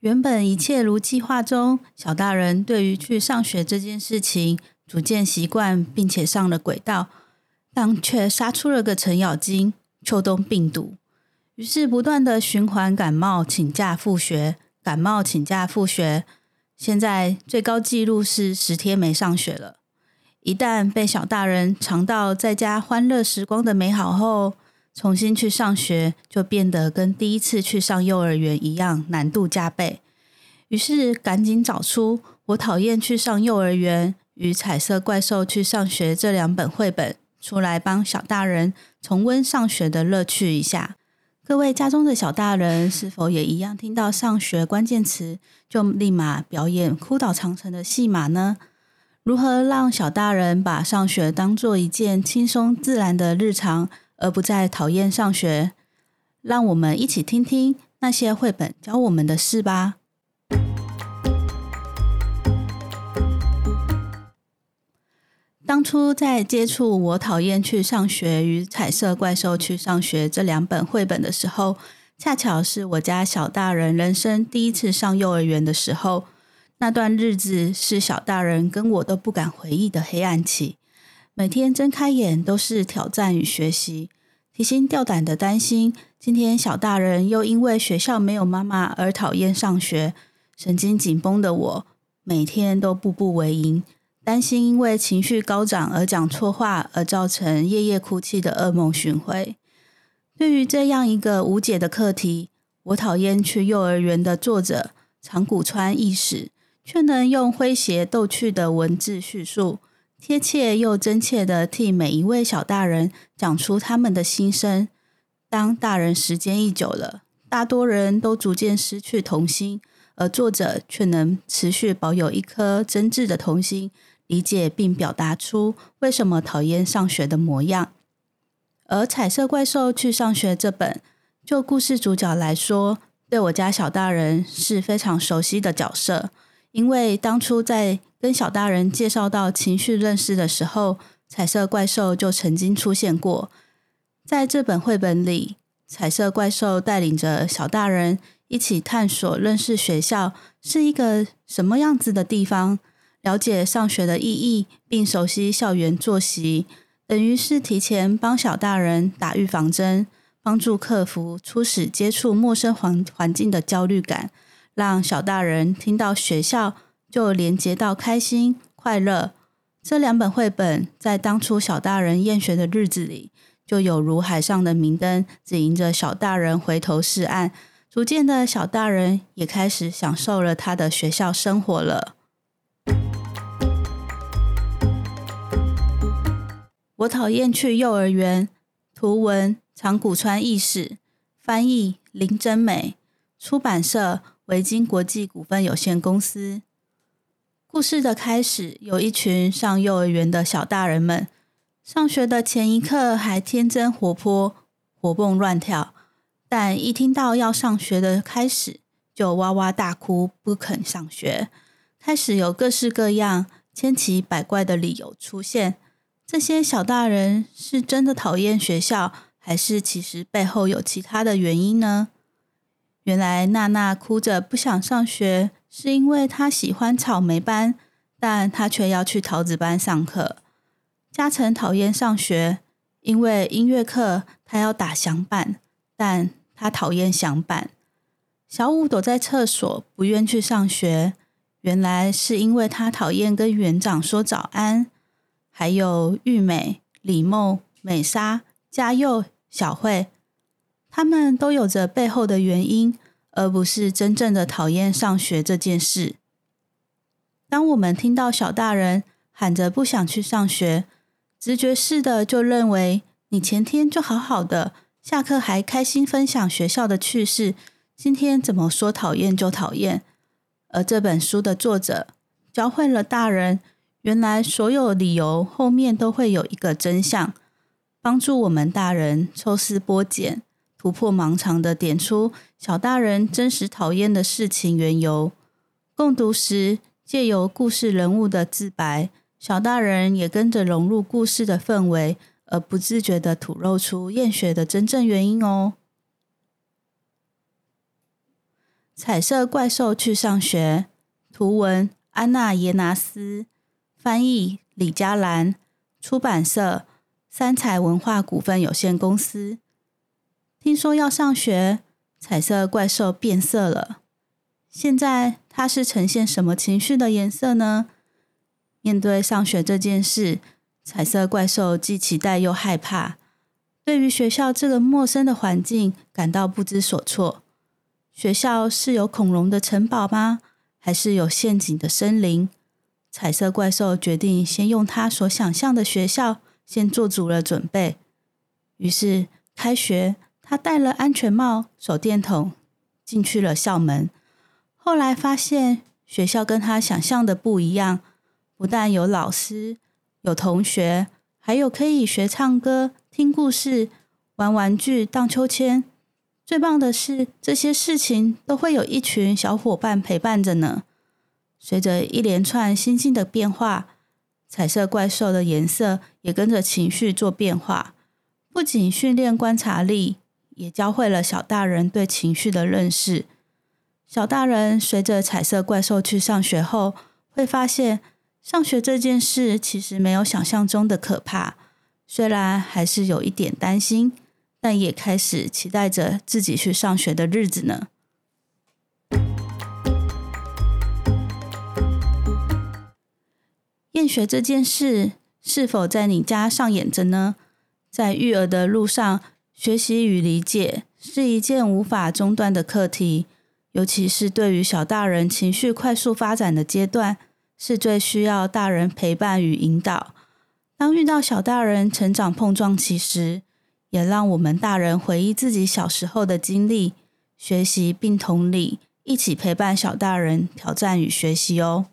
原本一切如計劃中，小大人對於去上學這件事情逐漸習慣，並且上了軌道。但卻殺出了個程咬金——秋冬病毒，於是不斷的循環感冒請假復學，感冒請假復學。現在最高紀錄是十天沒上學了。一旦被小大人嘗到在家歡樂時光的美好後，重新去上學，就變得跟第一次去上幼兒園一樣，難度加倍。於是趕緊找出《我討厭去上幼兒園》與《彩色怪獸去上學》這兩本繪本，出來幫小大人重溫上學的樂趣一下。各位家中的小大人，是否也一樣聽到“上學”關鍵詞就立馬表演哭倒長城的戲碼呢？如何讓小大人把上學當作一件輕鬆自然的日常？而不再討厭上學，讓我們一起聽聽那些繪本教我們的事吧。當初在接觸《我討厭去上學》與《彩色怪獸去上學》這兩本繪本的時候，恰巧是我家小大人人生第一次上幼兒園的時候，那段日子是小大人跟我都不敢回憶的黑暗期。每天睜開眼都是挑戰與學習，提心吊膽的擔心今天小大人又因為學校沒有媽媽而討厭上學，神經緊繃的我每天都步步為營，擔心因為情緒高漲而講錯話而造成夜夜哭泣的噩夢巡迴。對於這樣一個無解的課題，我討厭去幼兒園的作者長谷川義史，卻能用詼諧逗趣的文字敘述。貼切又真切地替每一位小大人講出他們的心聲。當大人時間一久了，大多人都逐漸失去童心，而作者卻能持續保有一顆真摯的童心，理解並表達出為什麼討厭上學的模樣。而《彩色怪獸去上學》這本，就故事主角來說，對我家小大人是非常熟悉的角色，因為當初在。跟小大人介紹到情緒認識的時候，彩色怪獸就曾經出現過。在這本繪本裡，彩色怪獸帶領着小大人一起探索認識學校是一個什麼樣子的地方，了解上學的意義，並熟悉校園作息，等於是提前幫小大人打預防針，幫助克服初始接觸陌生環環境的焦慮感，讓小大人聽到學校。就連接到開心快樂這兩本繪本，在當初小大人厭學的日子裡，就有如海上的明燈，指引着小大人回頭是岸。逐漸的小大人也開始享受了他的學校生活了。我討厭去幼兒園。圖文：長谷川義史，翻譯：林真美，出版社：維京國際股份有限公司。故事的開始，有一群上幼兒園的小大人們。上學的前一刻還天真活潑、活蹦亂跳，但一聽到要上學的開始，就哇哇大哭，不肯上學。開始有各式各樣、千奇百怪的理由出現。這些小大人是真的討厭學校，還是其實背後有其他的原因呢？原來娜娜哭着不想上學。是因為他喜歡草莓班，但他卻要去桃子班上課。嘉誠討厭上學，因為音樂課他要打響板，但他討厭響板。小五躲在廁所，不願去上學，原來是因為他討厭跟園長說早安。還有玉美、李夢、美莎、嘉佑、小慧，他們都有着背後的原因。而不是真正的討厭上學這件事。當我們聽到小大人喊着不想去上學，直覺式的就認為，你前天就好好的，下課還開心分享學校的趣事，今天怎麼說討厭就討厭。而這本書的作者教會了大人，原來所有理由後面都會有一個真相，幫助我們大人抽絲剝繭。突破盲腸的點出小大人真實討厭的事情緣由。共讀時，借由故事人物的自白，小大人也跟着融入故事的氛圍，而不自覺的吐露出厭學的真正原因哦。彩色怪獸去上學，圖文：安娜·耶納斯，翻譯：李嘉蘭，出版社：三采文化股份有限公司。聽說要上學，彩色怪獸變色了。現在它是呈現什麼情緒的顏色呢？面對上學這件事，彩色怪獸既期待又害怕。對於學校這個陌生的環境，感到不知所措。學校是有恐龍的城堡嗎？還是有陷阱的森林？彩色怪獸決定先用它所想象的學校，先做足了準備。於是開學。他戴了安全帽、手電筒，進去了校門。後來發現學校跟他想象的不一樣，不但有老師、有同學，還有可以學唱歌、聽故事、玩玩具、盪秋千。最棒的是，這些事情都會有一群小夥伴陪伴着呢。隨着一連串心境的變化，彩色怪獸的顏色也跟着情緒做變化，不僅訓練觀察力。也教會了小大人對情緒的認識。小大人隨着彩色怪獸去上學後，會發現上學這件事其實沒有想象中的可怕。雖然還是有一點擔心，但也開始期待着自己去上學的日子呢。厭學這件事是否在你家上演着呢？在育兒的路上。學習與理解是一件無法中斷的課題，尤其是對於小大人情緒快速發展的階段，是最需要大人陪伴與引導。當遇到小大人成長碰撞期時，也讓我們大人回憶自己小時候的經歷，學習並同理，一起陪伴小大人挑戰與學習哦。